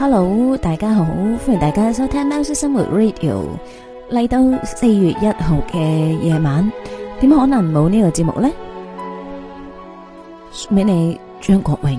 Hello，大家好，歡迎大家收聽喵式生活 Radio，嚟到四月一號嘅夜晚，點可能冇呢個節目呢？送俾你張國榮。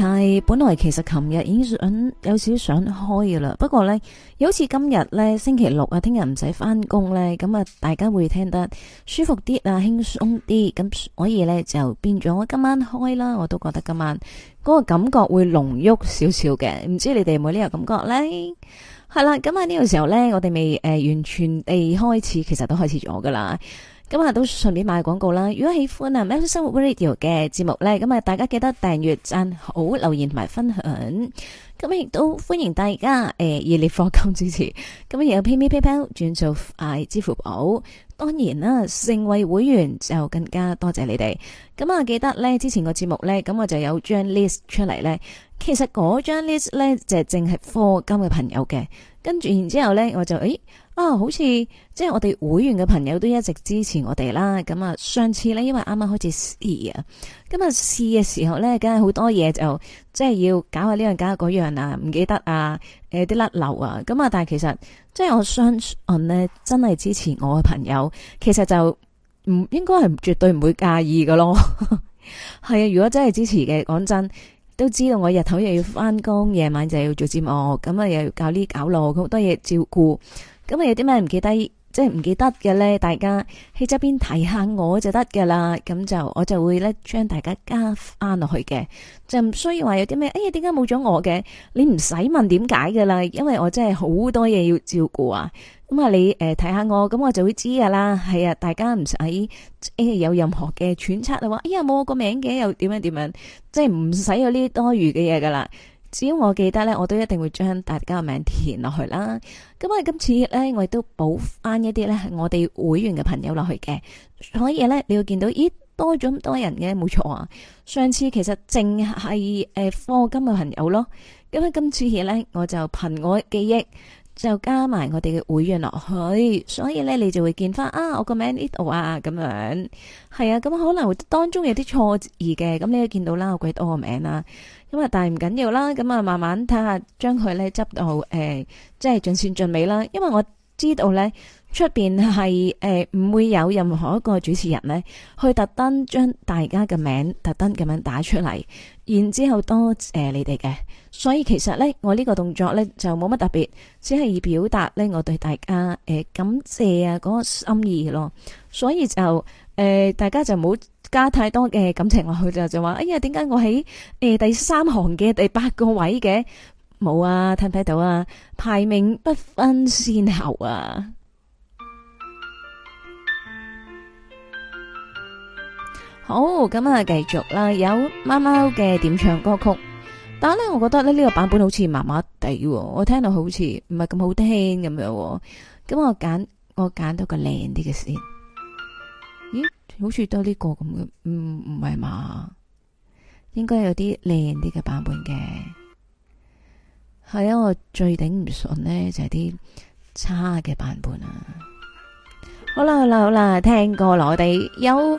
係本來其實琴日已經想有少少想開噶啦，不過呢，又好似今日星期六啊，聽日唔使翻工呢，咁啊大家會聽得舒服啲啊，輕鬆啲，咁所以呢，就變咗今晚開啦，我都覺得今晚嗰個感覺會濃郁少少嘅，唔知你哋有冇呢個感覺呢？係啦，咁喺呢個時候呢，我哋未誒、呃、完全地開始，其實都開始咗噶啦。今日都順便賣廣告啦！如果喜歡啊，喵式生活 Radio 嘅節目咧，咁啊，大家記得訂閱、贊好、留言同埋分享。咁亦都歡迎大家誒，熱、呃、烈課金支持。咁亦有 PayMe、PayPal 轉做 I 支付寶。當然啦，成為會員就更加多謝你哋。咁啊，記得咧，之前個節目咧，咁我就有張 list 出嚟咧。其實嗰張 list 咧就淨係課金嘅朋友嘅。跟住然之後咧，我就誒。哎啊、哦，好似即係我哋會員嘅朋友都一直支持我哋啦。咁、嗯、啊，上次呢，因為啱啱開始試啊，咁啊試嘅時候呢，梗係好多嘢就即係要搞下呢樣，搞下嗰樣啊，唔記得啊，誒、呃、啲甩漏啊。咁、嗯、啊，但係其實即係我相信呢，真係支持我嘅朋友，其實就唔應該係絕對唔會介意㗎咯。係 啊，如果真係支持嘅，講真，都知道我日頭又要返工，夜晚就要做節目，咁、嗯、啊又要搞呢搞路，好多嘢照顧。咁啊，有啲咩唔記得，即係唔記得嘅咧？大家喺側邊提下我就得㗎啦。咁就我就會咧將大家加翻落去嘅，就唔需要話有啲咩。哎呀，點解冇咗我嘅？你唔使問點解噶啦，因為我真係好多嘢要照顧啊。咁啊，你誒睇下我，咁我就會知噶啦。係啊，大家唔使誒有任何嘅揣測啊。話哎呀，冇我個名嘅，又點樣點樣？即係唔使有呢啲多餘嘅嘢噶啦。只要我記得咧，我都一定會將大家嘅名填落去啦。咁啊，今次咧，我亦都補翻一啲咧，我哋會員嘅朋友落去嘅。所以咧，你要見到，咦，多咗咁多人嘅，冇錯啊！上次其實淨係誒課金嘅朋友咯。咁啊，今次咧，我就憑我記憶。就加埋我哋嘅會員落去，所以咧，你就會見翻啊，我個名呢度啊咁樣，係啊，咁可能會當中有啲錯字嘅，咁你都見到啦，我鬼多個名啦，咁啊但係唔緊要啦，咁啊慢慢睇下將佢咧執到誒、呃，即係盡善盡美啦，因為我知道咧。出邊係誒，唔、呃、會有任何一個主持人呢去特登將大家嘅名特登咁樣打出嚟，然之後多謝你哋嘅。所以其實呢，我呢個動作呢就冇乜特別，只係以表達呢我對大家誒、呃、感謝啊嗰、那個心意咯。所以就誒、呃，大家就冇加太多嘅感情落去就就話哎呀，點解我喺誒、呃、第三行嘅第八個位嘅冇啊？睇唔睇到啊？排名不分先後啊！哦，咁啊，繼續啦。有貓貓嘅點唱歌曲，但係咧，我覺得咧呢個版本好似麻麻地，我聽到好似唔係咁好聽咁樣。咁我揀我揀到個靚啲嘅先。咦，好似多呢個咁嘅，唔唔係嘛？應該有啲靚啲嘅版本嘅。係啊，我最頂唔順呢，就係啲差嘅版本啊。好啦好啦好啦，聽過啦，我哋有。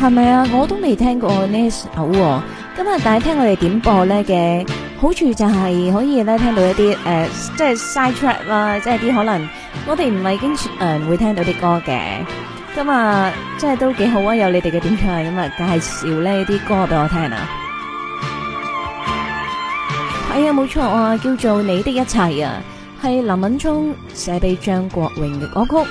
係咪啊？我都未聽過呢首。今日帶聽我哋點播咧嘅好處就係可以咧聽到一啲誒、呃，即係 side track 啦，即係啲可能我哋唔係經常會聽到啲歌嘅。咁啊，即係都幾好啊，有你哋嘅點唱咁啊，介紹呢啲歌俾我聽啊。係啊，冇 錯樂、哎、啊，叫做《你的一切》啊，係林敏聰寫俾張國榮嘅歌曲。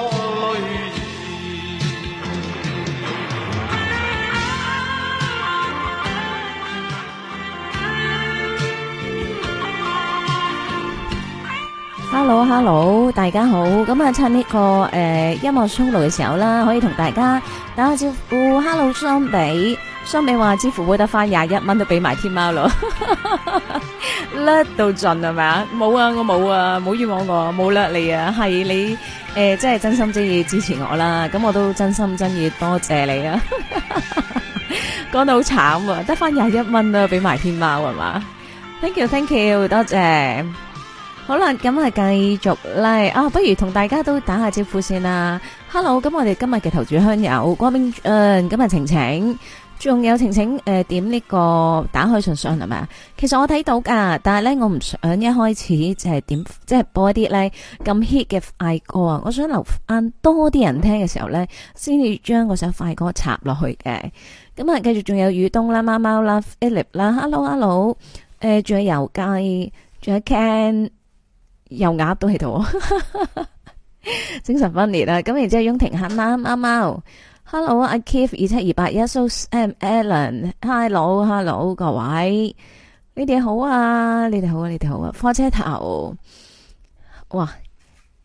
hello hello，大家好，咁啊趁呢個誒音樂出爐嘅時候啦，可以同大家打個招呼。Hello，雙比，雙比話支付寶得翻廿一蚊都俾埋天貓咯，甩到盡係咪啊？冇啊，我冇啊，唔好冤枉我，冇甩你啊，係你誒，即係真心真意支持我啦，咁我都真心真意多謝你啊。講得好慘啊，得翻廿一蚊都俾埋天貓係嘛？Thank you，Thank you，多謝。好啦，咁係繼續嚟啊！不如同大家都打下招呼先啦。Hello，咁我哋今日嘅頭炷香友、呃，光明。嗯，今日晴晴，仲有晴晴誒、呃、點呢個打開信箱係咪啊？其實我睇到噶，但係咧我唔想一開始就係點即係、就是、播一啲咧咁 hit 嘅快歌啊！我想留翻多啲人聽嘅時候咧，先至將嗰首快歌插落去嘅。咁、嗯、啊，繼續仲有雨東啦、貓貓啦、Ellip 啦，Hello，Hello，誒，仲有游街，仲有 Ken。又鴨都喺度，精神分裂啦！咁然之後雍庭亨啦，啱啱，Hello，阿 Keith，二七二八，Joseph，誒，Alan，Hello，Hello，各位，你哋好啊，你哋好啊，你哋好啊，火車頭，哇，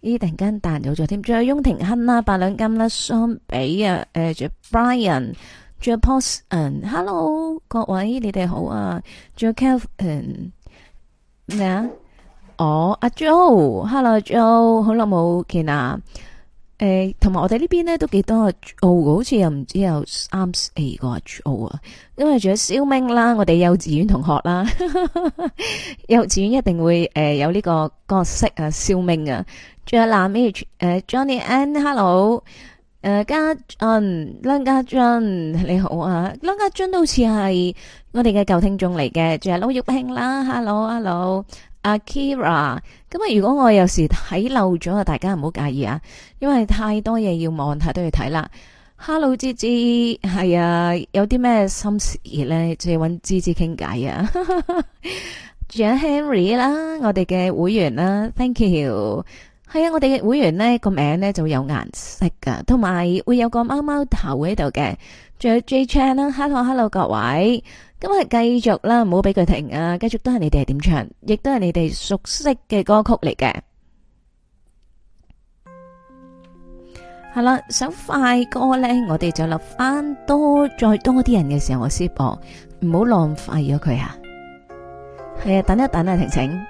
咦突然間彈咗添，仲有雍庭亨啦，八兩金啦，相比啊，誒，Brian，仲有，Pos，嗯，Hello，各位，你哋好啊，仲有 Kelvin，嗯，咩啊？哦、oh, uh, oh, sure. sure， 阿 Joe，Hello Joe，好耐冇見啊！誒，同埋我哋呢邊咧都幾多，阿 Jo，好似又唔知有又啱，誒個 Jo 啊，因為仲有肖明啦，我哋幼稚園同學啦，幼稚園一定會誒有呢個角色啊。肖明啊，仲有梁 H，誒 Johnny N，Hello，誒家嗯，梁家俊你好啊，梁家俊都好似係我哋嘅舊聽眾嚟嘅，仲有老玉慶啦，Hello，Hello。阿 Kira，咁啊，如果我有時睇漏咗啊，大家唔好介意啊，因為太多嘢要望睇都要睇啦。Hello 芝芝，係啊，有啲咩心事咧，就要搵芝芝傾偈啊。仲 有 Henry 啦，我哋嘅會員啦，thank you。係啊，我哋嘅會員咧個名咧就有顏色噶，同埋會有個貓貓頭喺度嘅。仲有 J Chan 啦，hello hello 各位。今日繼續啦，唔好俾佢停啊！繼續都係你哋點唱，亦都係你哋熟悉嘅歌曲嚟嘅。係啦，首快歌咧，我哋就留返多再多啲人嘅時候我先播，唔好浪費咗佢啊！係啊，等一等啊，婷婷。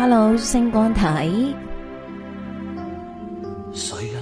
Hello，星光體。水啊！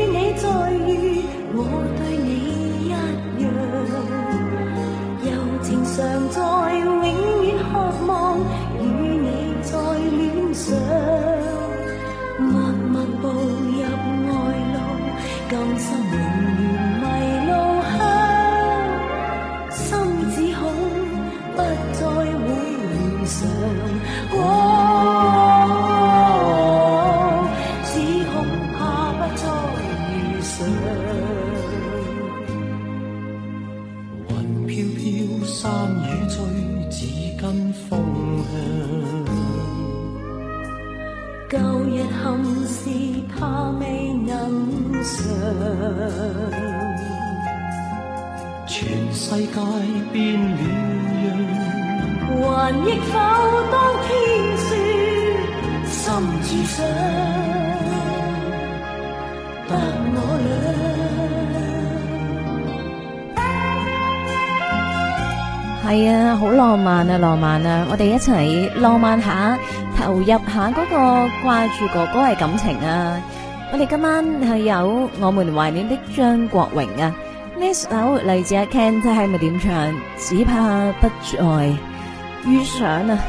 浪漫啊，浪漫啊！我哋一齊浪漫下，投入下嗰個掛住哥哥嘅感情啊！我哋今晚係有我們懷念的張國榮啊，呢首嚟自阿 Ken，睇係咪點唱？只怕不再遇上啊！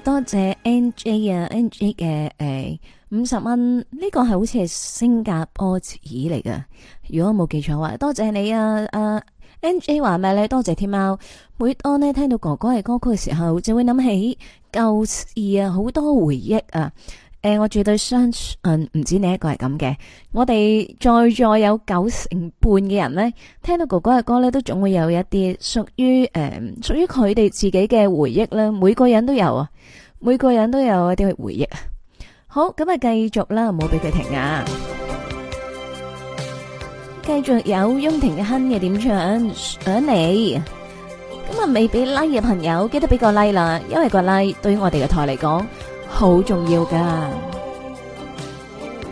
多謝 N J 啊，N J 嘅誒五十蚊，呢個係好似係新加坡紙嚟噶如果我冇記錯話。多謝你啊啊，N J 話咩咧？你多謝天喵，每當呢聽到哥哥嘅歌曲嘅時候，就會諗起舊事啊，好多回憶啊。誒、呃，我絕對相信，唔、嗯、止你一個係咁嘅。我哋在座有九成半嘅人呢聽到哥哥嘅歌呢都總會有一啲屬於誒，屬於佢哋自己嘅回憶啦。每個人都有啊，每個人都有一啲回憶。好，咁啊，繼續啦，唔好俾佢停啊。繼續有翁廷嘅哼嘅點唱，想你。咁啊，未俾拉 i 嘅朋友，記得俾個拉、like、啦。因為個拉、like、對於我哋嘅台嚟講。好重要噶，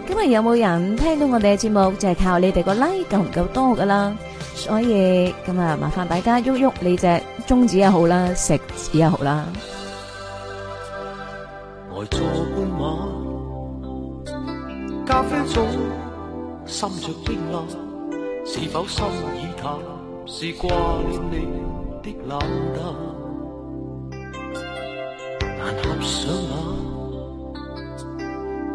今日有冇人聽到我哋嘅節目就係、是、靠你哋個 like 夠唔夠多噶啦，所以咁啊，今日麻煩大家喐喐你隻中指又好啦，食指又好啦。咖啡中滲著冰冷，是否心已淡？是掛念你的冷淡，難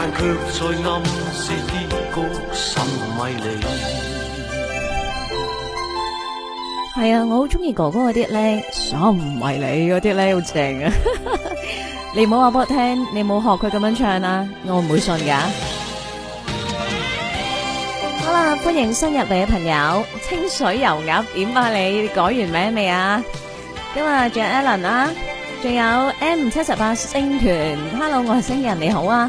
但最暗係啊，我好中意哥哥嗰啲咧，想唔為你嗰啲咧好正啊！ 你唔好話俾我聽，你冇好學佢咁樣唱啊，我唔會信噶。 好啦，歡迎新入嚟嘅朋友，清水油鴨點啊？你改完名未啊？今日仲有 Allen 啊，仲有 M 七十八星團，Hello，我係星人，你好啊！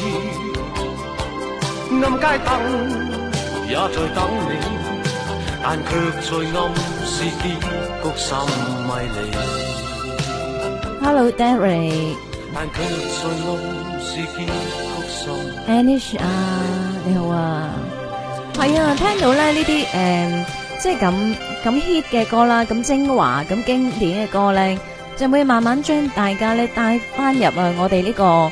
Hello, David. Anish 啊，ah，你好啊，係啊，聽到咧呢啲誒，即係咁咁 hit 嘅歌啦，咁精華、咁經典嘅歌咧，就會慢慢將大家咧帶翻入去，我哋呢、個。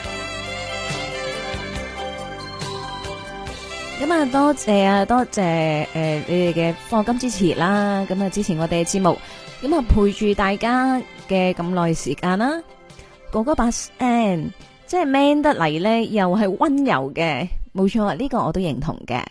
咁啊，多謝啊，多謝誒你哋嘅課金支持啦，咁啊支持我哋嘅節目，咁啊陪住大家嘅咁耐時間啦，哥哥把聲即係 man 得嚟咧，又係溫柔嘅，冇錯，呢個我都認同嘅。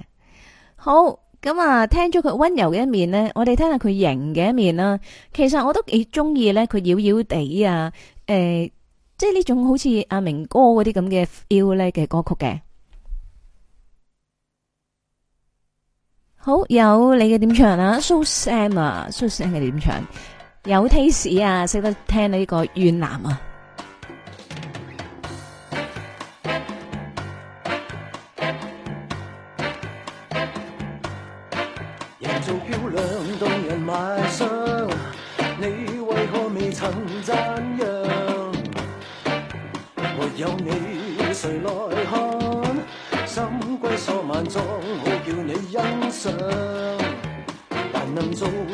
好，咁啊，聽咗佢溫柔嘅一面咧，我哋聽下佢型嘅一面啦。其實我都幾中意咧，佢妖妖地啊，誒，即係呢種好似阿明哥嗰啲咁嘅 feel 咧嘅歌曲嘅。好，有你嘅點唱啊，Susan 啊，Susan 你點唱？有 taste 啊，識得聽呢個怨男啊。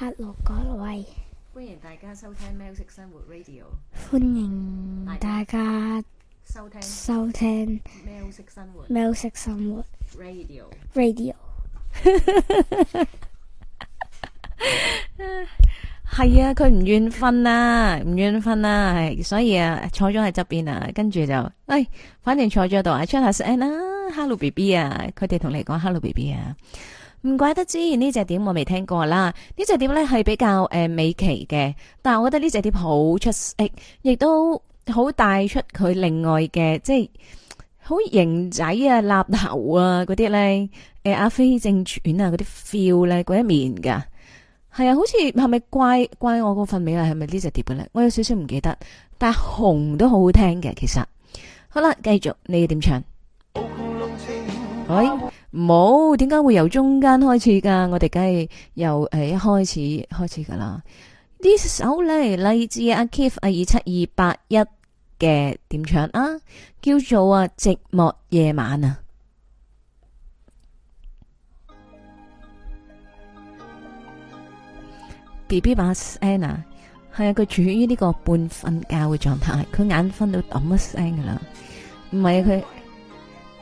hello 各位，歡迎大家收聽《喵式生活 Radio》。歡迎大家收聽收聽《喵式生活》《喵式生活 Radio》Radio。係啊，佢唔願瞓啊，唔願瞓啊，係所以啊，坐咗喺側邊啊，跟住就，哎，反正坐咗度啊，出下聲啦，Hello B B 啊，佢哋同你講 Hello B B 啊。唔怪得之，呢隻碟我未聽過啦。呢隻碟咧係比較誒、呃、美奇嘅，但係我覺得呢隻碟好出色，亦都好帶出佢另外嘅，即係好型仔啊、立頭啊嗰啲咧，誒、呃、阿飛正傳啊嗰啲 feel 咧嗰一面噶。係啊，好似係咪怪你過份美麗？係咪呢隻碟嘅咧？我有少少唔記得，但係紅都好好聽嘅。其實好啦，繼續你要點唱？喂哦嗯嗯嗯冇，點解會由中間開始噶？我哋梗係由誒一、哎、開始開始噶啦。首呢首咧，嚟自阿 Keith、啊、二七二八一嘅點唱啊，叫做啊寂寞夜晚啊。 B B 把聲係啊，佢處於呢個半瞓覺嘅狀態，佢眼瞓到咁一聲噶啦，唔係佢。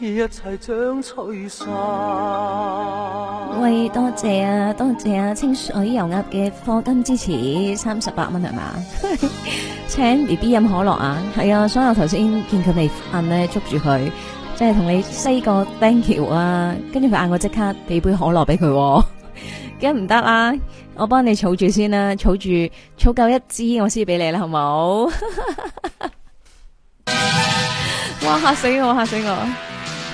一晒！喂，多謝啊，多謝啊，清水油鴨嘅課金支持，三十八蚊係嘛？ 請 B B 飲可樂啊，係啊，所以我頭先見佢哋瞓咧，捉住佢，即係同你 say 個 thank you 啊，跟住佢嗌我即刻俾杯可樂俾佢，梗唔得啦，我幫你儲住先啦，啊，儲住儲夠一支我先俾你啦，好冇？ 哇嚇死我，嚇死我！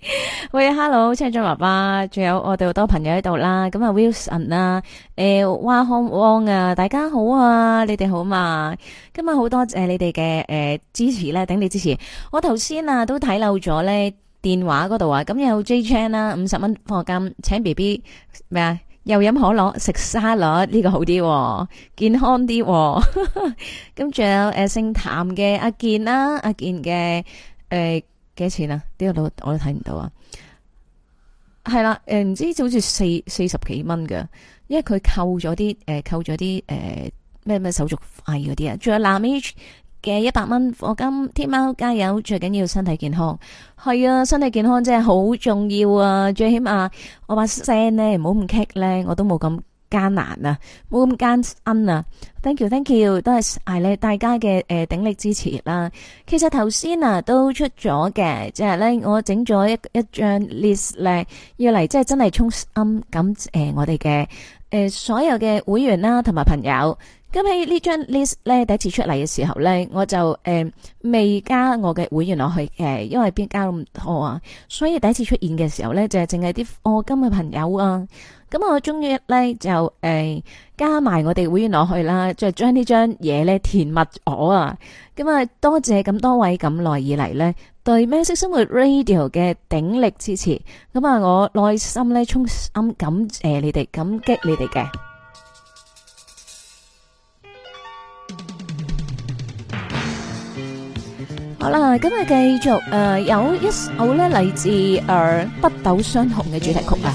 喂，Hello，張俊爸爸，仲有我哋好多朋友喺度啦。咁啊，Wilson 啦，誒 Welcome on 啊，大家好啊，你哋好嘛？今日好多謝誒，你哋嘅誒支持咧，等你支持。我頭先啊，都睇漏咗咧電話嗰度啊。咁有 J Chan 啦，五十蚊貨金，請 B B 咩啊？又飲可樂，食沙律呢、這個好啲、啊，健康啲、啊。咁 仲有誒姓譚嘅阿健啦、啊，阿健嘅誒。呃幾錢啊？呢、這個我都睇唔到啊，係啦，誒、嗯、唔知好似四四十幾蚊㗎，因為佢扣咗啲誒，扣咗啲誒咩咩手續費嗰啲啊。仲有南邊嘅一百蚊，我今天喵加油最緊要身體健康，係啊，身體健康真係好重要啊。最起碼我把聲咧唔好咁 kick 咧，我都冇咁。艱難啊，冇咁艱難啊！Thank you，Thank you，多謝晒大家嘅誒、呃、鼎力支持啦、啊。其實頭先啊都出咗嘅，即係咧我整咗一一張 list 咧，要嚟即係真係衷心感謝我哋嘅誒所有嘅會員啦同埋朋友。咁喺呢張 list 咧第一次出嚟嘅時候咧，我就誒未、呃、加我嘅會員落去嘅，因為邊加咁多啊，所以第一次出現嘅時候咧就係淨係啲我金嘅朋友啊。咁我終於咧就誒加埋我哋會員落去啦，就將呢張嘢咧填密我啊。咁啊，多謝咁多位咁耐以嚟咧對喵式生活 Radio 嘅鼎力支持。咁啊，我內心咧衷心感謝你哋，感激你哋嘅好啦。咁啊繼續誒，有一首咧嚟自誒《北斗雙雄》嘅主題曲啊。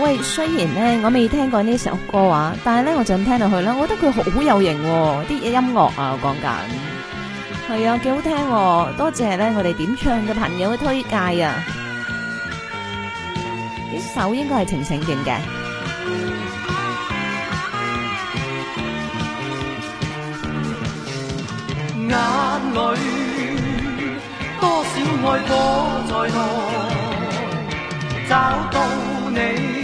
喂，雖然咧我未聽過呢首歌啊，但係咧我就咁聽落去啦，我覺得佢好有型，哦，啲音樂啊講緊，係啊幾好聽，哦，多謝咧我哋點唱嘅朋友嘅推介啊，呢首應該係情聖勁嘅，眼淚多少愛火在內，找到你。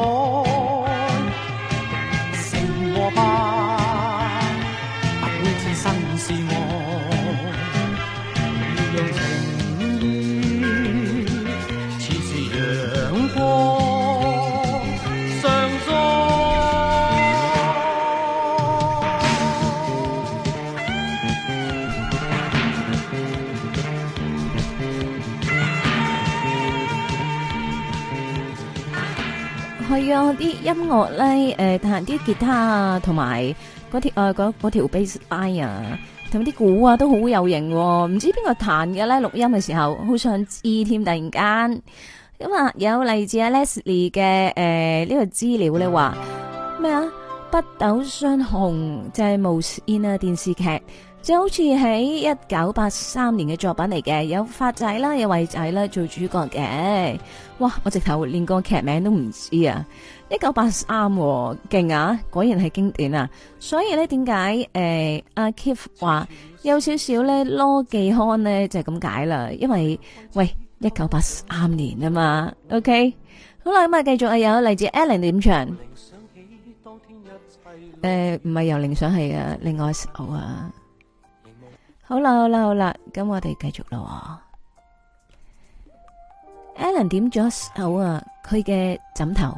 有啲音樂咧，誒彈啲吉他那些、呃、那那條 line, 那些啊，同埋嗰誒條 bass line 同啲鼓啊都好有型，哦，唔知邊個彈嘅咧，錄音嘅時候好想知添，突然間咁啊有嚟自阿 Leslie 嘅誒呢個資料咧話咩啊北斗雙雄就係無綫啊電視劇。就好似喺一九八三年嘅作品嚟嘅，有發仔啦，有慧仔啦做主角嘅。哇！我直頭連個劇名都唔知啊！一九八三，勁啊！果然係經典啊！所以咧，點解誒阿 Kif 話有少少咧邏輯勘咧就係咁解啦？因為喂一九八三年啊嘛，OK。好啦，咁啊繼續啊，有嚟自 Ellen 點唱誒，唔係由鈴想係啊，另外一首啊。好啦好啦好啦，咁我哋繼續咯。Alan 點咗手啊，佢嘅枕頭。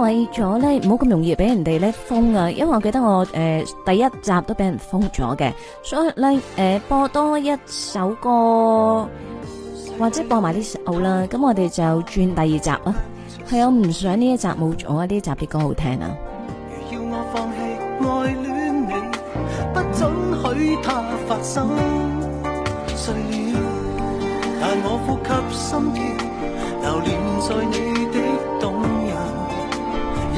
為咗咧，唔好咁容易俾人哋咧封啊！因為我記得我誒、呃、第一集都俾人封咗嘅，所以咧誒、呃、播多一首歌或者播埋呢首啦，咁我哋就轉第二集啊！係我唔想呢一集冇咗，呢一集啲歌好聽啊！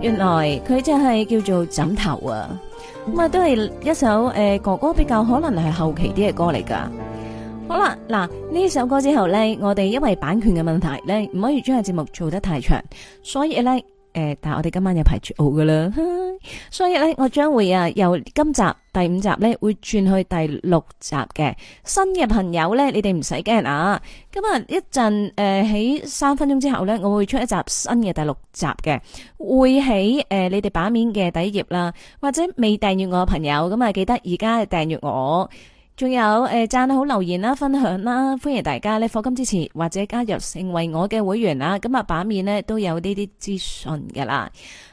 原來佢真係叫做枕頭啊，咁啊都係一首誒哥哥比較可能係後期啲嘅歌嚟噶。好啦，嗱呢首歌之後咧，我哋因為版權嘅問題咧，唔可以將個節目做得太長，所以咧。誒、呃，但係我哋今晚有排絕奧噶啦，所以咧，我將會啊由今集第五集咧會轉去第六集嘅。新嘅朋友咧，你哋唔使驚啊！今日一陣誒，喺、呃、三分鐘之後咧，我會出一集新嘅第六集嘅，會喺誒、呃、你哋版面嘅底頁啦，或者未訂閱我嘅朋友咁啊，記得而家訂閱我。仲有誒，贊好留言啦，分享啦，歡迎大家咧，課金支持，或者加入成為我嘅會員啦，今日版面呢都有呢啲資訊噶啦。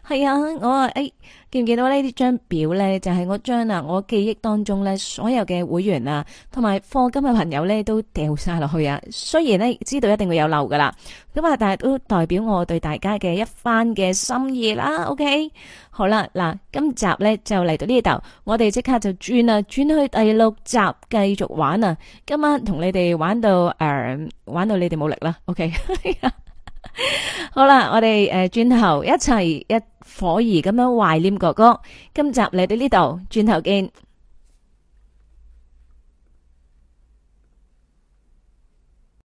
係啊，我啊，誒、哎，見唔見到呢啲張表咧？就係我將啊，我記憶當中咧所有嘅會員啊，同埋課金嘅朋友咧都掉晒落去啊。雖然咧知道一定會有漏噶啦，咁啊，但係都代表我對大家嘅一番嘅心意啦。OK，好啦，嗱，今集咧就嚟到呢度，我哋即刻就轉啊，轉去第六集繼續玩啊。今晚同你哋玩到誒、呃，玩到你哋冇力啦。OK。 好啦，我哋誒，轉頭一齊一火兒咁樣懷念哥哥。今集嚟到呢度，轉頭見。